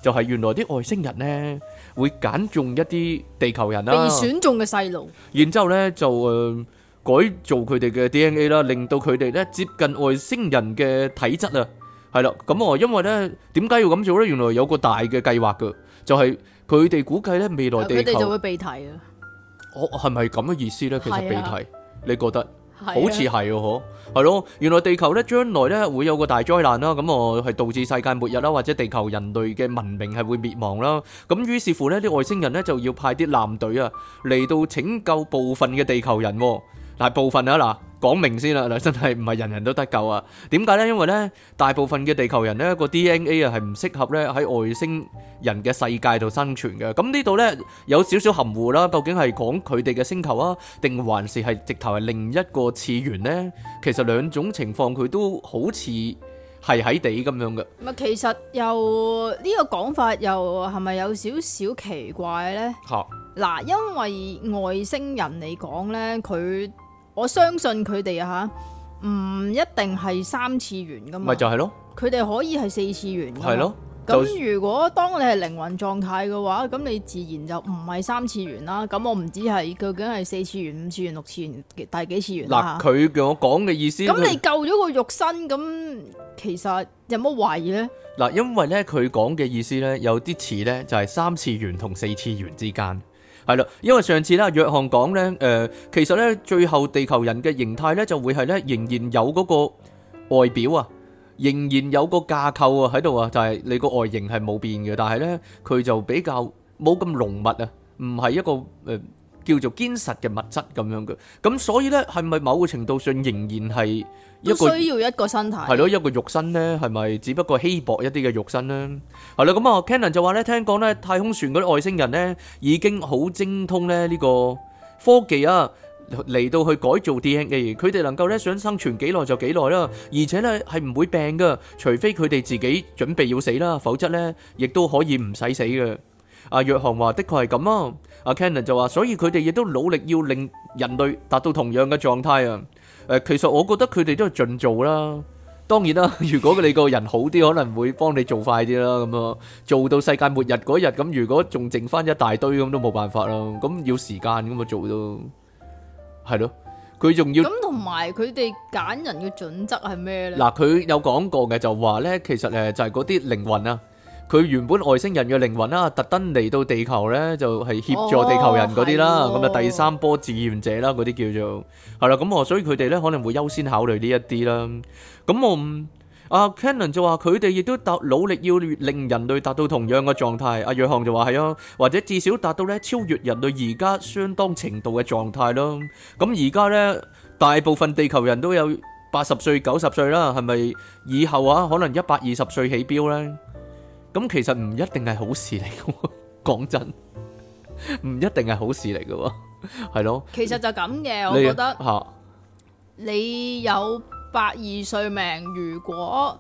就係、是、原來啲外星人咧會揀中一啲地球人啊，被選中嘅細路，然之後咧就誒。呃改造佢哋嘅 DNA 啦，令到佢哋咧接近外星人嘅體質啊，係啦，咁我，因為咧點解要咁做咧？原來有個大嘅計劃噶，就係佢哋估計咧未來地球佢哋就會被提啊，我係咪咁嘅意思咧？其實被提，你覺得好似係哦嗬？係咯，原來地球咧將來咧會有個大災難啦，咁我係導致世界末日啦，或者地球人類嘅文明係會滅亡啦，咁於是乎咧啲外星人咧就要派啲艦隊啊嚟到拯救部分嘅地球人。大部分啊，嗱，講明先啦，嗱，真係唔係人人都得救啊？點解咧？因為咧，大部分嘅地球人咧，個 DNA 啊，係唔適合咧喺外星人嘅世界度生存嘅。咁呢度咧有少少含糊啦，究竟係講佢哋嘅星球啊，定還是係直頭係另一個次元咧？其實兩種情況佢都好似係喺地咁樣嘅。
唔係，其實又呢個講法又係咪有少少奇怪咧？嚇！嗱，因為外星人嚟講咧，佢我相信佢哋啊吓，唔一定係三次元噶嘛。咪就係咯，佢哋可以係四次元。係咯，咁如果當你係靈魂狀態嘅話，咁你自然就唔係三次元啦。咁我唔知係究竟係四次元、五次元、六次元第幾次元。嗱，佢
叫我講嘅意思。咁你
救咗個肉身，咁其實有乜懷疑呢？
嗱，因為呢，佢講嘅意思呢，有啲似呢，就係三次元同四次元之間。係啦，因為上次咧，約翰講咧，誒，其實咧，最後地球人嘅形態咧，就會係咧，仍然有嗰個外表啊，仍然有個架構啊喺度啊，就係你個外形係冇變嘅，但係咧，佢就比較冇咁濃密啊，唔係一個誒叫做堅實嘅物質咁樣嘅，咁所以咧，係咪某個程度上仍然係？都需
要一個身體，係咯，
一個肉身咧，係咪？只不過稀薄一啲嘅肉身咧，係啦。咁啊，Cannon 就話咧，聽講咧，太空船嗰啲外星人咧，已經好精通咧呢個科技啊，嚟到去改造 DNA，佢哋能夠咧，想生存幾耐就幾耐啦，而且咧，係唔會病噶，除非佢哋自己準備要死啦，否則咧，亦都可以唔使死嘅。阿約翰話，的確係咁啊。阿 Cannon 就話，所以佢哋亦都努力要令人類達到同樣嘅狀態啊。誒，其實我覺得佢哋都係盡做啦。當然啦，如果你個人好啲，可能會幫你做快啲啦。咁啊，做到世界末日嗰日，咁如果仲剩翻一大堆，咁都冇辦法啦。咁要時間咁啊做咯，係咯。佢仲要咁，
同埋佢哋揀人嘅準則係咩咧？嗱，
佢有講過嘅就話咧，其實，誒就係嗰啲靈魂啊。佢原本外星人嘅靈魂啦，特登嚟到地球咧，就係協助地球人嗰啲啦。咁就第三波志願者啦，嗰啲叫做係啦。咁啊，所以佢哋咧可能會優先考慮呢一啲啦。咁我阿 Cannon 就話佢哋亦都特努力要令人類達到同樣嘅狀態。阿約翰就話係啊，或者至少達到咧超越人類而家相當程度嘅狀態啦。咁而家咧大部分地球人都有八十歲、九十歲啦，係咪以後啊可能一百二十歲起標咧？咁其實唔一定係好事嚟嘅，講真，唔一定係好事嚟嘅喎，係咯。
其實就咁嘅，你我覺得。嚇！你有百二歲命，如果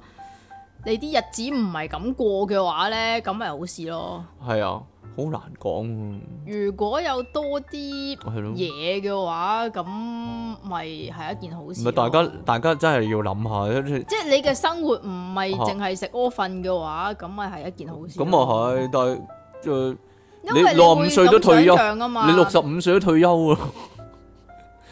你啲日子唔係咁過嘅話咧，咁咪好事咯。
係啊。好難講。
如果有多啲嘢嘅話，咁咪係一件好事。咪大家
大家真係要諗下，即
係你嘅生活唔係淨係食屙瞓嘅話，咁咪係一件好事。咁
啊係，但係誒，呃、因為你六五歲都退休啊嘛，你六十五歲都退休啊。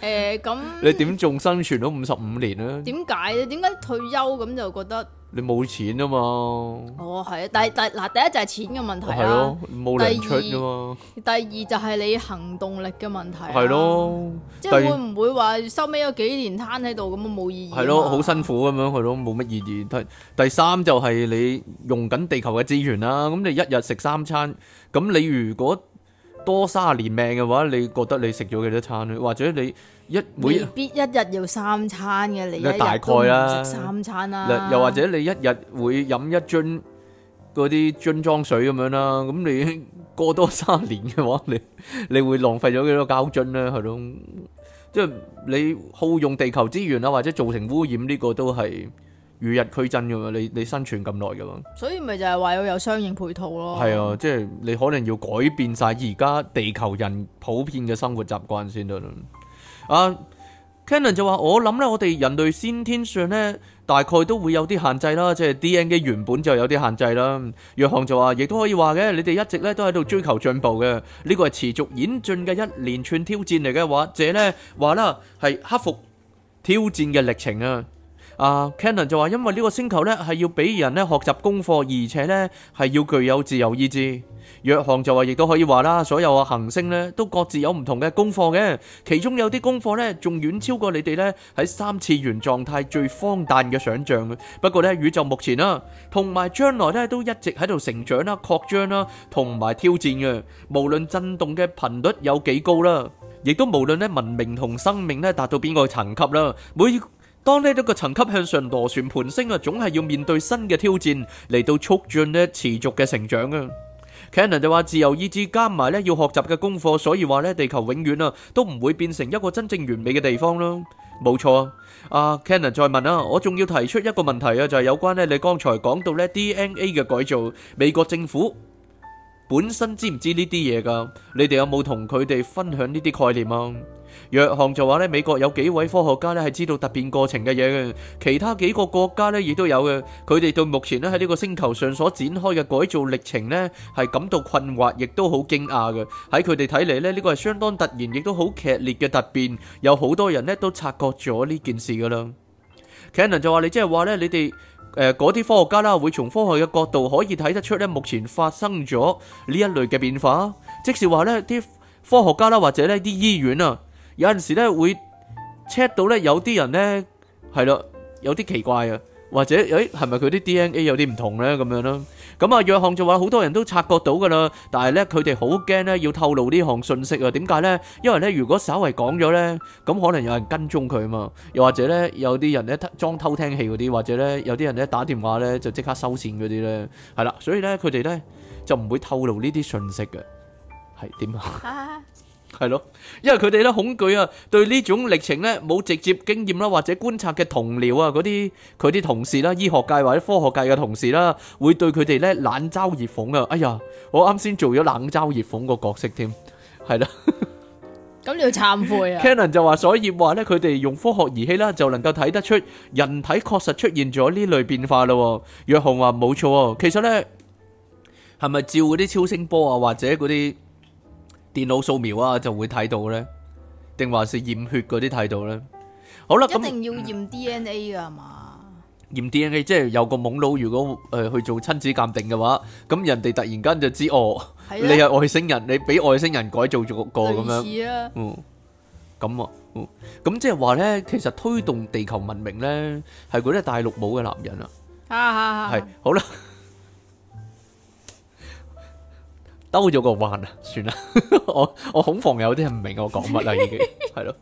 誒，咁、
欸、你點仲生存到五十五年啊？點
解？點解退休咁就覺得
你冇錢啊嘛？
哦，係啊，但係嗱，第一就係錢嘅問題啦、啊，冇理、哦、出噶嘛二。第二就係你行動力嘅問題、啊。係咯
的，即係會唔
會話收尾有幾年癱喺度咁啊？冇意義。係咯，好
辛苦咁樣，去都冇乜意義。第三就係你用緊地球嘅資源啦。咁你一日食三餐，咁你如果多卅年命嘅話，你覺得你食咗幾多餐？或者你？一每未
必一日要三餐嘅，你大概供、啊、食三餐啦、啊，又或者
你一日會飲一樽嗰啲樽裝水咁樣啦，咁你過多三年嘅話，你你會浪費咗幾多膠樽咧？係咯，即係你耗用地球資源啦，或者造成污染呢個都係與日俱增噶嘛。你你生存咁耐噶嘛，
所以咪就係話要有相應配套咯。係啊，
即係你可能要改變晒而家地球人普遍嘅生活習慣先得啦。啊、uh，Canon 就話：我諗咧，我哋人類先天上咧，大概都會有啲限制啦，即係 DNA 原本就有啲限制啦。約翰就話，亦都可以話嘅，你哋一直咧都喺度追求進步嘅，呢個係持續演進嘅一連串挑戰嚟嘅，或者咧話啦係克服挑戰嘅歷程啊。啊，Canon 就話，因為呢個星球咧係要俾人咧學習功課，而且咧係要具有自由意志。約翰就話，亦都可以話啦，所有嘅行星咧都各自有唔同嘅功課嘅，其中有啲功課咧仲遠超過你哋咧喺三次元狀態最荒誕嘅想象。不過咧宇宙目前啦，同埋將來咧都一直喺度成長啦、擴張啦，同埋挑戰嘅。無論震動嘅頻率有幾高啦，亦都無論咧文明同生命咧達到邊個層級啦，每。當呢一個層級向上螺旋盤升啊，總係要面對新嘅挑戰嚟到促進呢持續嘅成長啊。Cannon 就話自由意志加埋呢要學習嘅功課，所以話呢地球永遠啊都唔會變成一個真正完美嘅地方咯。冇錯啊，Cannon 再問啊，我仲要提出一個問題啊，就係有關呢你剛才講到呢 DNA 嘅改造，美國政府。本身知唔知呢啲嘢噶？你哋有冇同佢哋分享呢啲概念啊？約翰就話咧，美國有幾位科學家咧係知道突變過程嘅嘢嘅，其他幾個國家咧亦都有嘅。佢哋對目前咧喺呢個星球上所展開嘅改造歷程呢，係感到困惑，亦都好驚訝嘅。喺佢哋睇嚟呢，呢個係相當突然，亦都好劇烈嘅突變。有好多人呢，都察覺咗呢件事噶啦。凱南就話：你即係話咧，你哋。誒嗰啲科學家啦，會從科學嘅角度可以睇得出咧，目前發生咗呢一類嘅變化，即是話咧啲科學家啦，或者呢啲醫院啊，有陣時咧會 check 到咧有啲人咧係咯有啲奇怪啊，或者誒係咪佢啲 DNA 有啲唔同咧咁樣咯？咁啊，約翰就話好多人都察覺到噶啦，但係咧佢哋好驚咧要透露呢項信息啊？點解咧？因為咧如果稍為講咗咧，咁可能有人跟蹤佢啊嘛，又或者咧有啲人咧裝偷聽器嗰啲，或者咧有啲人咧打電話咧就即刻收線嗰啲咧，係啦，所以咧佢哋咧就唔會透露呢啲信息嘅，係點啊？係咯，因為佢哋咧恐懼啊，對呢種歷程咧冇直接經驗啦，或者觀察嘅同僚啊，嗰啲佢啲同事啦，醫學界或者科學界嘅同事啦，會對佢哋咧冷嘲熱諷啊！哎呀，我啱先做咗冷嘲熱諷個角色添，係啦。
咁你要懺悔啊
？Canon 就話，所以話咧，佢哋用科學儀器啦，就能夠睇得出人體確實出現咗呢類變化咯。約翰話冇錯，其實咧係咪照嗰啲超聲波啊，或者嗰啲？電腦掃描啊，就會睇到咧，定還是驗血嗰啲睇到咧？好啦，一定
要驗 DNA 噶嘛？
驗 DNA 即係有個懵佬，如果誒去做親子鑑定嘅話，咁人哋突然間就知哦你係外星人，你俾外星人改造咗個咁樣。似啊，嗯，咁啊，嗯，咁即係話咧，其實推動地球文明咧，係嗰啲大陸冇嘅男人啊，
係，
好啦。兜咗個彎啊！算啦， 我恐我恐防有啲人唔明我講乜啦，已經係咯。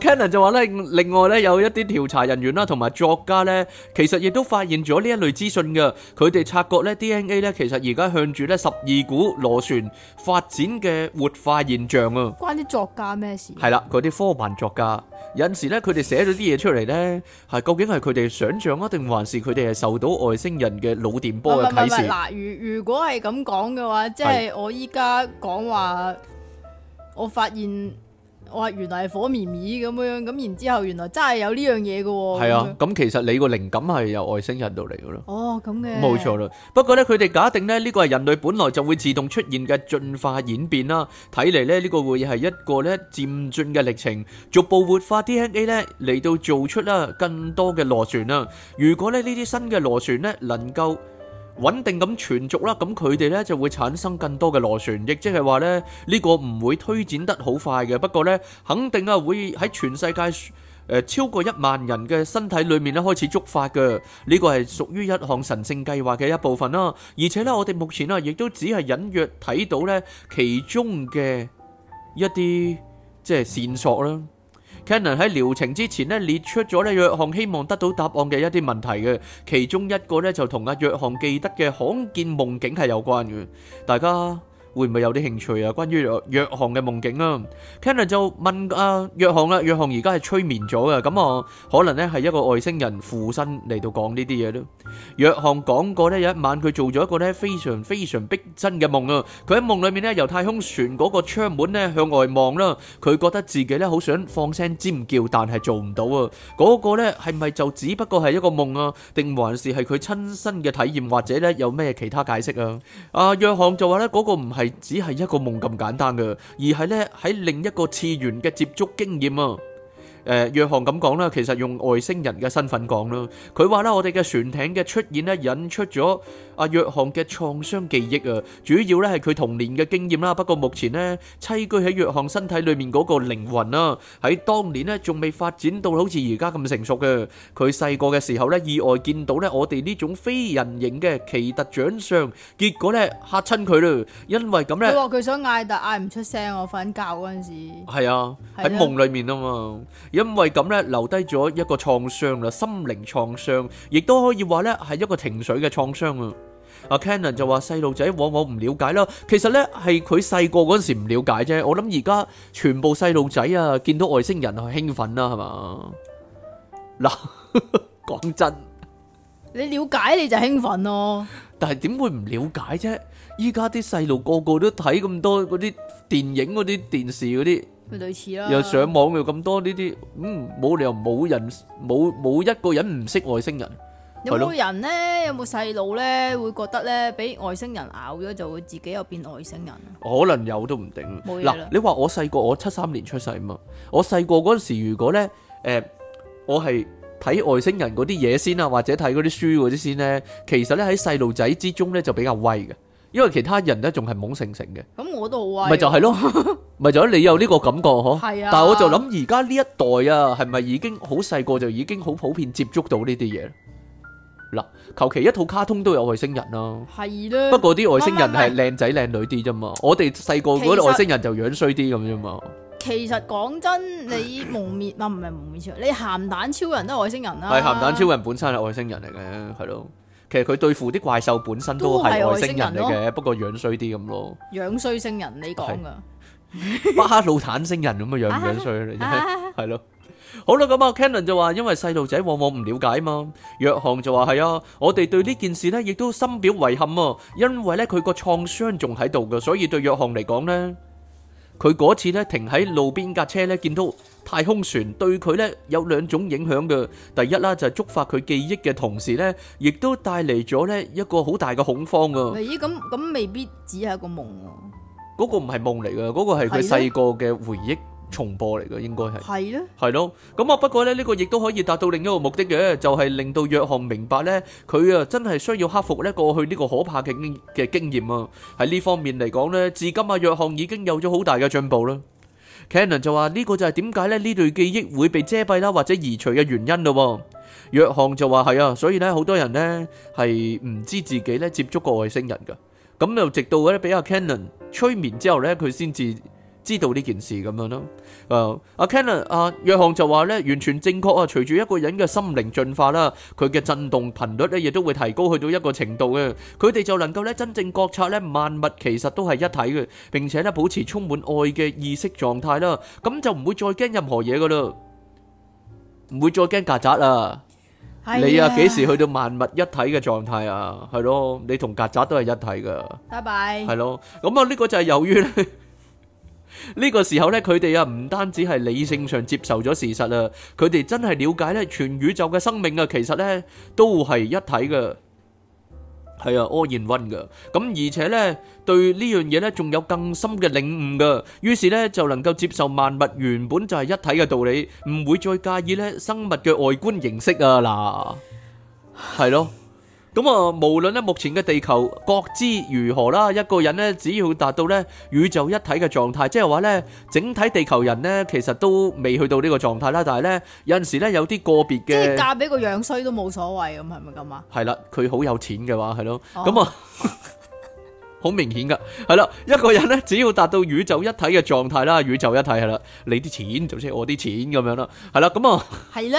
Cannon 就話咧，另外咧有一啲調查人員啦，同埋作家咧，其實亦都發現咗呢一類資訊嘅。佢哋察覺咧 DNA 咧，其實而家向住咧十二股螺旋發展嘅活化現象啊。
關啲作家咩事？係
啦，嗰啲科幻作家有陣時咧，佢哋寫咗啲嘢出嚟咧，係究竟係佢哋想象啊，定還是佢哋係受到外星人嘅腦電波嘅啟示？嗱，
如如果係咁講嘅話，即係我依家講話，我發現。哇！原來係火咪咪咁樣，咁然之後原來真係有呢樣嘢嘅喎。係啊，
咁其實你個靈感係由外星人度嚟嘅咯。哦，
咁嘅。冇錯
啦。不過咧，佢哋假定咧呢個係人類本來就會自動出現嘅進化演變啦。睇嚟咧呢個會係一個咧漸進嘅歷程，逐步活化 DNA 咧嚟到做出啦更多嘅螺旋啦。如果咧呢啲新嘅螺旋咧能夠穩定咁存續啦，咁佢哋呢就會產生更多嘅螺旋，亦即係話咧呢個唔會推展得好快嘅，不過呢，肯定啊會喺全世界誒、呃、超過一萬人嘅身體裏面咧開始觸發嘅，呢、呢個係屬於一項神聖計劃嘅一部分啦。而且呢，我哋目前啊亦都只係隱約睇到呢其中嘅一啲即係線索啦。Cannon 喺療程之前咧列出咗咧約翰希望得到答案嘅一啲問題嘅，其中一個呢，就同阿約翰記得嘅罕見夢境係有關嘅，大家。會唔會有啲興趣啊？關於約約翰嘅夢境啊，Kenner 就問啊約翰啊，約翰而家係催眠咗嘅，咁啊可能呢係一個外星人附身嚟到講呢啲嘢咯。約翰講過呢有一晚佢做咗一個呢非常非常逼真嘅夢啊，佢喺夢裏面呢由太空船嗰個窗門呢向外望啦，佢覺得自己呢好想放聲尖叫，但係做唔到啊。嗰個呢係咪就只不過係一個夢啊？定還是係佢親身嘅體驗，或者呢有咩其他解釋啊？啊約翰就話呢嗰個唔係。只係一個夢咁簡單㗎，而係咧喺另一個次元嘅接觸經驗啊。誒，約翰咁講啦，其實用外星人嘅身份講啦，佢話啦，我哋嘅船艇嘅出現咧，引出咗阿約翰嘅創傷記憶啊，主要咧係佢童年嘅經驗啦。不過目前咧，棲居喺約翰身體裏面嗰個靈魂啊，喺當年咧仲未發展到好似而家咁成熟嘅。佢細個嘅時候咧，意外見到咧我哋呢種非人形嘅奇特長相，結果咧吓親佢咯，因為咁咧。佢話
佢想嗌，但嗌唔出聲，我瞓覺嗰陣時。
係啊，喺夢裏面啊嘛。因為咁咧，留低咗一個創傷啦，心靈創傷，亦都可以話咧係一個情緒嘅創傷啊。阿 Cannon 就話細路仔往往唔了解啦，其實咧係佢細個嗰陣時唔了解啫。我諗而家全部細路仔啊，見到外星人係興奮啦，係嘛？嗱，講真，
你了解你就興奮咯。但
係點會唔了解啫？依家啲細路個個都睇咁多嗰啲電影、嗰啲電視、嗰啲。
咪類似啦，又上網
又咁多呢啲，嗯，冇理由冇人，冇冇一個人唔識外星人，有冇人
呢？有冇細路呢？會覺得呢，俾外星人咬咗就會自己又變外星人？
可能有都唔定。嗱，你話我細個，我七三年出世嘛，我細個嗰陣時如果呢，誒，我係睇外星人嗰啲嘢先啊，或者睇嗰啲書嗰啲先呢，其實呢喺細路仔之中呢就比較威㗎。因為其他人咧仲係懵成成嘅，
咁我度啊，咪就係咯，
咪 就你有呢個感覺嗬？係啊。但係我就諗而家呢一代啊，係咪已經好細個就已經好普遍接觸到呢啲嘢？嗱，求其一套卡通都有外星人啦，
係啦，啊。不過啲外星人係靚
仔靚女啲啫嘛，我哋細個嗰啲外星人就樣衰啲咁啫嘛。
其實講真，你蒙面啊，唔係 蒙面超人，你咸蛋超人都係外星人啦，啊。係咸蛋超
人本身係外星人嚟嘅，係咯。其實佢對付啲怪獸本身都係外星人嚟嘅，不過樣衰啲咁咯。
樣衰星人，你講噶？
巴魯坦星人咁嘅樣樣衰嚟，係咯。好啦，咁啊，Cannon 就話，因為細路仔往往唔了解嘛。約翰就話係啊，我哋對呢件事咧，亦都深表遺憾啊，因為咧佢個創傷仲喺度噶，所以對約翰嚟講咧，佢嗰次咧停喺路邊架車咧，見到。太空船對佢咧有兩種影響嘅，第一啦就係觸發佢記憶嘅同時咧，亦都帶嚟咗咧一個好大嘅恐慌啊！咦，
咁咁未必只係一個夢喎？
嗰個唔係夢嚟嘅，嗰個係佢細個嘅回憶重播嚟嘅，應該係係啦，係咯。咁啊，不過咧呢個亦都可以達到另一個目的嘅，就係令到約翰明白咧，佢啊真係需要克服咧過去呢個可怕嘅經嘅經驗啊！喺呢方面嚟講咧，至今啊約翰已經有咗好大嘅進步啦。Canon 就話呢、這個就係點解呢，呢類記憶會被遮蔽啦或者移除嘅原因咯。約翰就話係啊，所以呢，好多人呢係唔知自己呢接觸過外星人噶，咁就直到咧俾阿 Canon 催眠之後咧，佢先至知道呢件事咁樣咯，啊阿 Ken 阿約翰就話咧，完全正確啊！隨住一個人嘅心靈進化啦，佢嘅震動頻率咧亦都會提高，去到一個程度嘅，佢哋就能夠咧真正覺察咧萬物其實都係一體嘅，並且咧保持充滿愛嘅意識狀態啦，咁就唔會再驚任何嘢噶啦，唔會再驚曱甴喇！你啊幾時去到萬物一體嘅狀態啊？係咯，你同曱甴都係一體噶。
拜拜。係
咯，咁啊呢個就係由於。呢個時候咧，佢哋啊，唔單止係理性上接受咗事實啦，佢哋真係了解咧，全宇宙嘅生命啊，其實咧都係一體噶，係啊，all in one 噶，咁而且咧對呢樣嘢咧仲有更深嘅領悟噶，於是咧就能夠接受萬物原本就係一體嘅道理，唔會再介意咧生物嘅外觀形式啊嗱，係咯。咁啊，無論咧目前嘅地球各之如何啦，一個人咧只要達到咧宇宙一體嘅狀態，即係話咧整體地球人咧其實都未去到呢個狀態啦。但係咧有陣時咧有啲個別嘅，即係嫁
俾個樣衰都冇所謂咁，係咪咁啊？
係啦，佢好有錢嘅話係咯，咁啊，好、oh. 那我 明顯噶，係啦，一個人咧只要達到宇宙一體嘅狀態啦，宇宙一體係啦，你啲錢就算我啲錢咁樣啦，係啦，咁啊，係咧。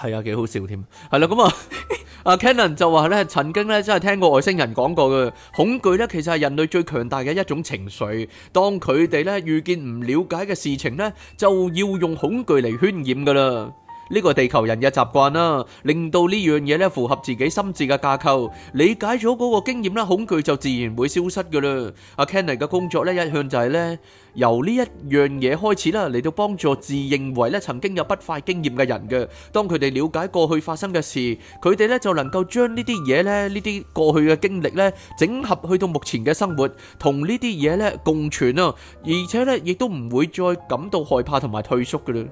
係啊，幾好笑添。係啦，咁啊，阿 Canon 就話咧，曾經咧，真係聽過外星人講過嘅，恐懼咧，其實係人類最強大嘅一種情緒。當佢哋咧遇見唔了解嘅事情咧，就要用恐懼嚟渲染㗎啦。呢個地球人嘅習慣啦，令到呢樣嘢咧符合自己心智嘅架構，理解咗嗰個經驗啦，恐懼就自然會消失噶啦。阿 Kenney 嘅工作咧一向就係咧由呢一樣嘢開始啦，嚟到幫助自認為咧曾經有不快經驗嘅人嘅。當佢哋了解過去發生嘅事，佢哋咧就能夠將呢啲嘢咧呢啲過去嘅經歷咧整合去到目前嘅生活，同呢啲嘢咧共存啊，而且呢亦都唔會再感到害怕同埋退縮噶啦。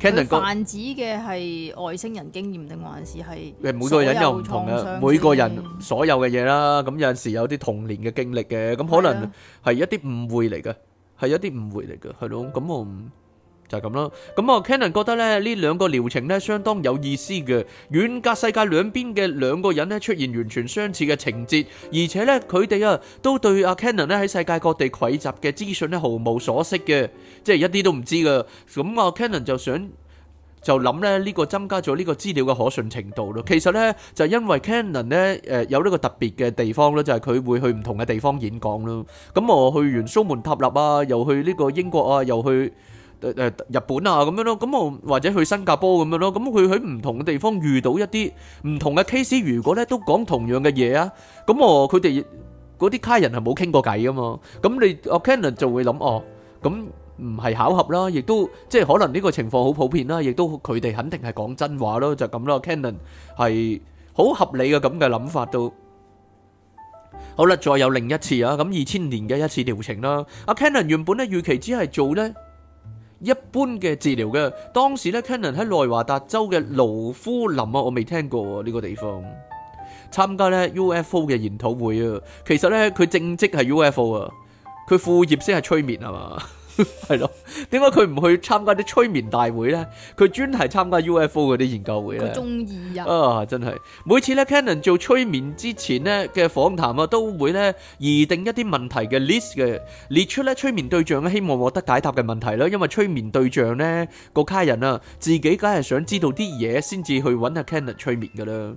Kent，泛
指嘅係外星人經驗定還是係？每個人有唔同嘅，每個人
所有嘅嘢啦。咁有陣時有啲童年嘅經歷嘅，咁可能係一啲誤會嚟嘅，係一啲誤會嚟嘅，係咯。咁我唔。就係咁咯，咁啊，Canon 覺得咧呢兩個療程咧相當有意思嘅，遠隔世界兩邊嘅兩個人咧出現完全相似嘅情節，而且咧佢哋啊都對阿 Canon 咧喺世界各地蒐集嘅資訊咧毫無所識嘅，即係一啲都唔知噶。咁啊，Canon 就想就諗咧呢個增加咗呢個資料嘅可信程度咯。其實咧就係因為 Canon 咧誒有呢個特別嘅地方咧，就係佢會去唔同嘅地方演講咯。咁我去完蘇門答臘啊，又去呢個英國啊，又去。誒誒，日本啊咁樣咯，咁我或者去新加坡咁樣咯，咁佢喺唔同嘅地方遇到一啲唔同嘅 case，如果咧都講同樣嘅嘢啊，咁我佢哋嗰啲卡人係冇傾過偈啊嘛，咁你阿 Cannon 就會諗哦，咁唔係巧合啦，亦都即係可能呢個情況好普遍啦，亦都佢哋肯定係講真話咯，就咁咯，Cannon 係好合理嘅咁嘅諗法都好啦，再有另一次啊，咁二千年嘅一次調情啦，阿 Cannon 原本咧預期只係做咧。一般嘅治療嘅，當時咧，Cannon 喺內華達州嘅盧夫林啊，我未聽過呢個地方，參加咧 UFO 嘅研討會啊。其實咧，佢正職係 UFO 啊，佢副業先係催眠啊嘛。係咯，點解佢唔去參加啲催眠大會呢？佢專係參加 UFO 嗰啲研究會咧。佢中意啊！真係，每次咧 Cannon 做催眠之前呢嘅訪談啊，都會咧擬定一啲問題嘅 list 嘅，列出咧催眠對象希望獲得解答嘅問題咯。因為催眠對象呢個卡人啊，自己梗係想知道啲嘢，先至去揾下、啊、Cannon 催眠噶啦。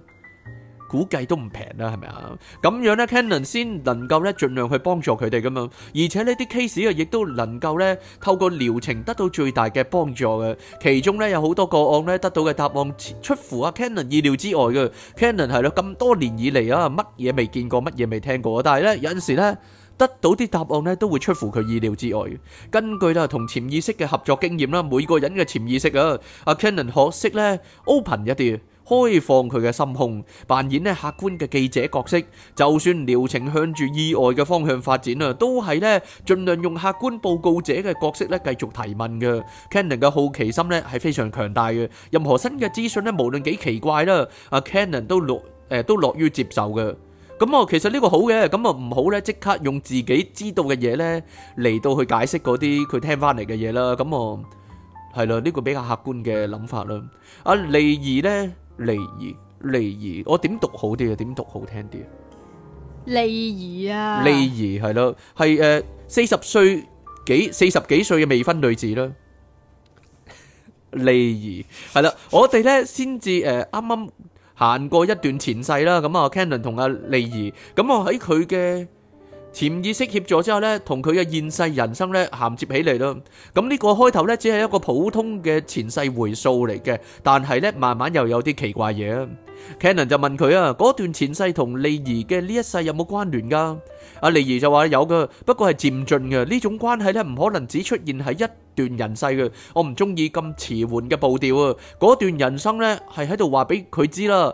估計都唔平啦，係咪啊？咁樣咧，Cannon 先能夠咧，盡量去幫助佢哋噶嘛。而且呢啲 case 啊，亦都能夠咧，透過療程得到最大嘅幫助嘅。其中咧有好多個案咧，得到嘅答案出乎阿 Cannon 意料之外嘅。Cannon 係咯，咁多年以嚟啊，乜嘢未見過，乜嘢未聽過啊。但係咧，有陣時咧，得到啲答案咧，都會出乎佢意料之外。根據咧，同潛意識嘅合作經驗啦，每個人嘅潛意識啊，阿 Cannon 學識咧，open 一啲。開放佢嘅心胸，扮演咧客觀嘅記者角色，就算療程向住意外嘅方向發展啊，都係咧盡量用客觀報告者嘅角色咧繼續提問嘅。Cannon 嘅好奇心咧係非常強大嘅，任何新嘅資訊咧無論幾奇怪啦，阿 Cannon 都樂誒都樂於接受嘅。咁啊，其實呢個好嘅，咁啊唔好咧即刻用自己知道嘅嘢咧嚟到去解釋嗰啲佢聽翻嚟嘅嘢啦。咁啊係啦，呢個比較客觀嘅諗法啦。阿利兒咧。利儀，利儀，我點讀好啲啊？點讀好聽啲啊？
利儀啊，利
儀係咯，係誒四十歲幾四十幾歲嘅未婚女子啦。利儀係啦，我哋咧先至誒啱啱行過一段前世啦。咁啊，Cannon 同阿利儀，咁我喺佢嘅潛意識協助之後咧，同佢嘅現世人生咧，銜接起嚟咯。咁呢個開頭咧，只係一個普通嘅前世回溯嚟嘅，但係咧，慢慢又有啲奇怪嘢。Cannon 就問佢啊，嗰段前世同利兒嘅呢一世有冇關聯㗎？阿利兒就話有嘅，不過係漸進嘅。呢種關係咧，唔可能只出現喺一段人世嘅。我唔中意咁遲緩嘅步調啊！嗰段人生咧，係喺度話俾佢知啦。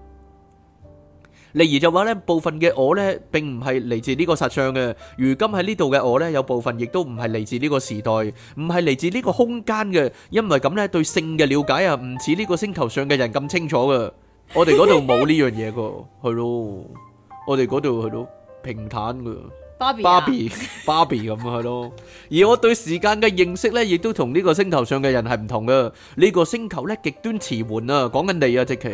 例如就話咧，部分嘅我咧，並唔係嚟自呢個實相嘅。如今喺呢度嘅我咧，有部分亦都唔係嚟自呢個時代，唔係嚟自呢個空間嘅。因為咁咧，對性嘅了解啊，唔似呢個星球上嘅人咁清楚㗎。我哋嗰度冇呢樣嘢噶，係咯。我哋嗰度係咯平坦㗎，芭比芭比芭比咁係咯。而我對時間嘅認識咧，亦都同呢個星球上嘅人係唔同㗎。呢個星球咧，極端遲緩啊，講緊你啊，即奇。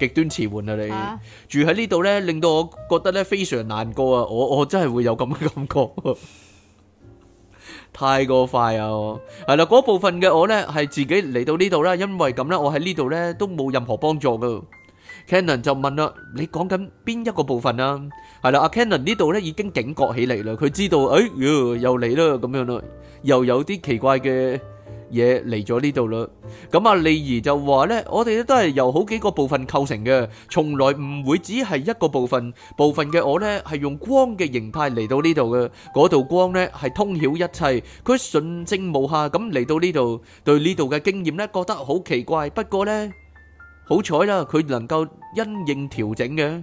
極端遲緩啊！你住喺呢度咧，令到我覺得咧，非常難過啊！我我真係會有咁嘅感覺，太過快啊！係啦，嗰部分嘅我咧，係自己嚟到呢度啦，因為咁咧，我喺呢度咧都冇任何幫助噶。Cannon 就問啦：你講緊邊一個部分啊？係啦，阿 Cannon 呢度咧已經警覺起嚟啦，佢知道哎，又又嚟啦咁樣啦，又有啲奇怪嘅嘢嚟咗呢度啦，咁啊利兒就話呢，我哋都係由好幾個部分構成嘅，從來唔會只係一個部分。部分嘅我呢，係用光嘅形態嚟到呢度嘅，嗰道光呢，係通曉一切，佢純正無瑕咁嚟到呢度，對呢度嘅經驗呢，覺得好奇怪，不過呢，好彩啦，佢能夠因應調整嘅。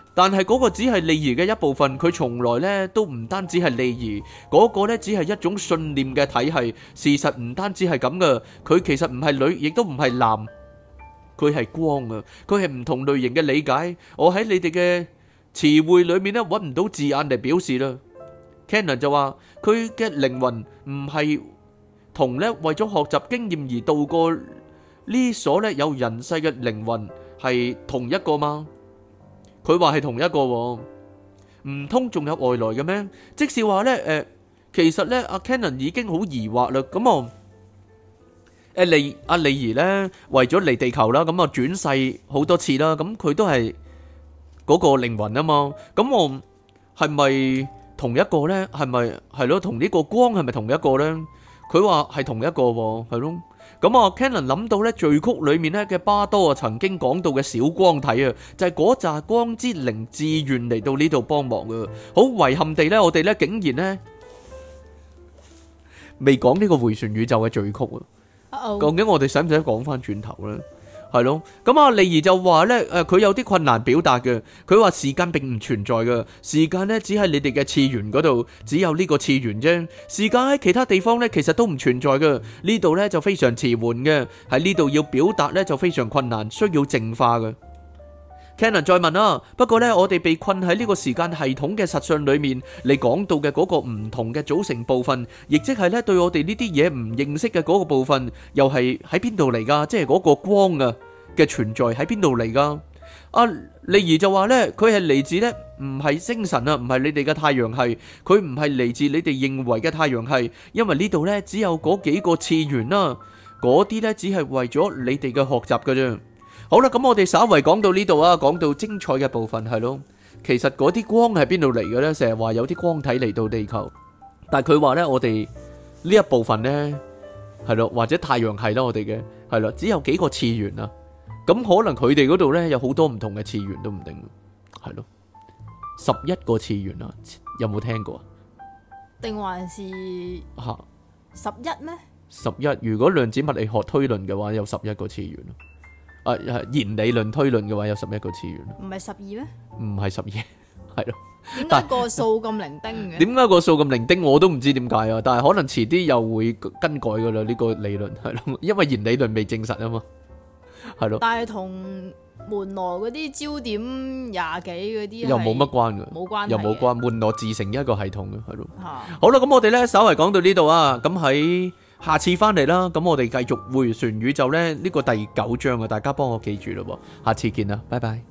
但係嗰個只係利而嘅一部分，佢從來咧都唔單止係利而，嗰個咧只係一種信念嘅體系。事實唔單止係咁噶，佢其實唔係女，亦都唔係男，佢係光啊！佢係唔同類型嘅理解。我喺你哋嘅詞彙裏面咧搵唔到字眼嚟表示啦。Cannon 就話佢嘅靈魂唔係同咧為咗學習經驗而度過呢所咧有人世嘅靈魂係同一個嘛？佢話係同一個喎，唔通仲有外來嘅咩？即使話咧，誒，其實咧，阿 Canon 已經好疑惑啦。咁我，誒，李阿李兒咧，為咗嚟地球啦，咁啊，轉世好多次啦，咁佢都係嗰個靈魂啊嘛。咁我係咪同一個咧？係咪係咯？同呢個光係咪同一個咧？佢話係同一個喎，係咯。咁啊，Cannon 諗到咧，序曲裏面咧嘅巴多啊，曾經講到嘅小光體啊，就係嗰扎光之靈自願嚟到呢度幫忙嘅。好遺憾地咧，我哋咧竟然咧未講呢個回旋宇宙嘅序曲啊！究竟我哋使唔使講翻轉頭咧？係咯，咁阿麗兒就話咧，誒、呃，佢有啲困難表達嘅。佢話時間並唔存在嘅，時間咧只係你哋嘅次元嗰度，只有呢個次元啫。時間喺其他地方咧，其實都唔存在嘅。呢度咧就非常遲緩嘅，喺呢度要表達咧就非常困難，需要淨化嘅。t e n o n 再問啦，不過呢，我哋被困喺呢個時間系統嘅實相裏面，你講到嘅嗰個唔同嘅組成部分，亦即係呢對我哋呢啲嘢，唔認識嘅嗰個部分，又係喺邊度嚟噶？即係嗰個光啊嘅存在喺邊度嚟噶？啊，例如就話呢，佢係嚟自呢唔係星辰啊，唔係你哋嘅太陽系，佢唔係嚟自你哋認為嘅太陽系，因為呢度呢只有嗰幾個次元啦，嗰啲呢，只係為咗你哋嘅學習噶啫。好啦，咁我哋稍為講到呢度啊，講到精彩嘅部分係咯。其實嗰啲光係邊度嚟嘅呢？成日話有啲光體嚟到地球，但係佢話呢，我哋呢一部分呢係咯，或者太陽系啦，我哋嘅係咯，只有幾個次元啊。咁可能佢哋嗰度呢有好多唔同嘅次元都唔定，係咯。十一個次元啊，有冇聽過
啊？定還是吓十一呢？
十一，如果量子物理學推論嘅話，有十一個次元。啊，係弦理論推論嘅話有十一個次元，唔係十二咩？唔係十二，係咯。點解個
數咁零丁嘅？點
解個數咁零丁？我都唔知點解啊！但係可能遲啲又會更改噶啦呢個理論，係咯，因為弦理論未證實啊嘛，係咯。但係
同門羅嗰啲焦點廿幾嗰
啲又冇乜關嘅，冇關又冇關，門羅自成一個系統嘅，係咯。吓，好啦，咁我哋咧，稍微講到呢度啊，咁喺。下次翻嚟啦，咁我哋繼續回旋宇宙咧，呢個第九章啊，大家幫我記住咯喎，下次見啦，拜拜。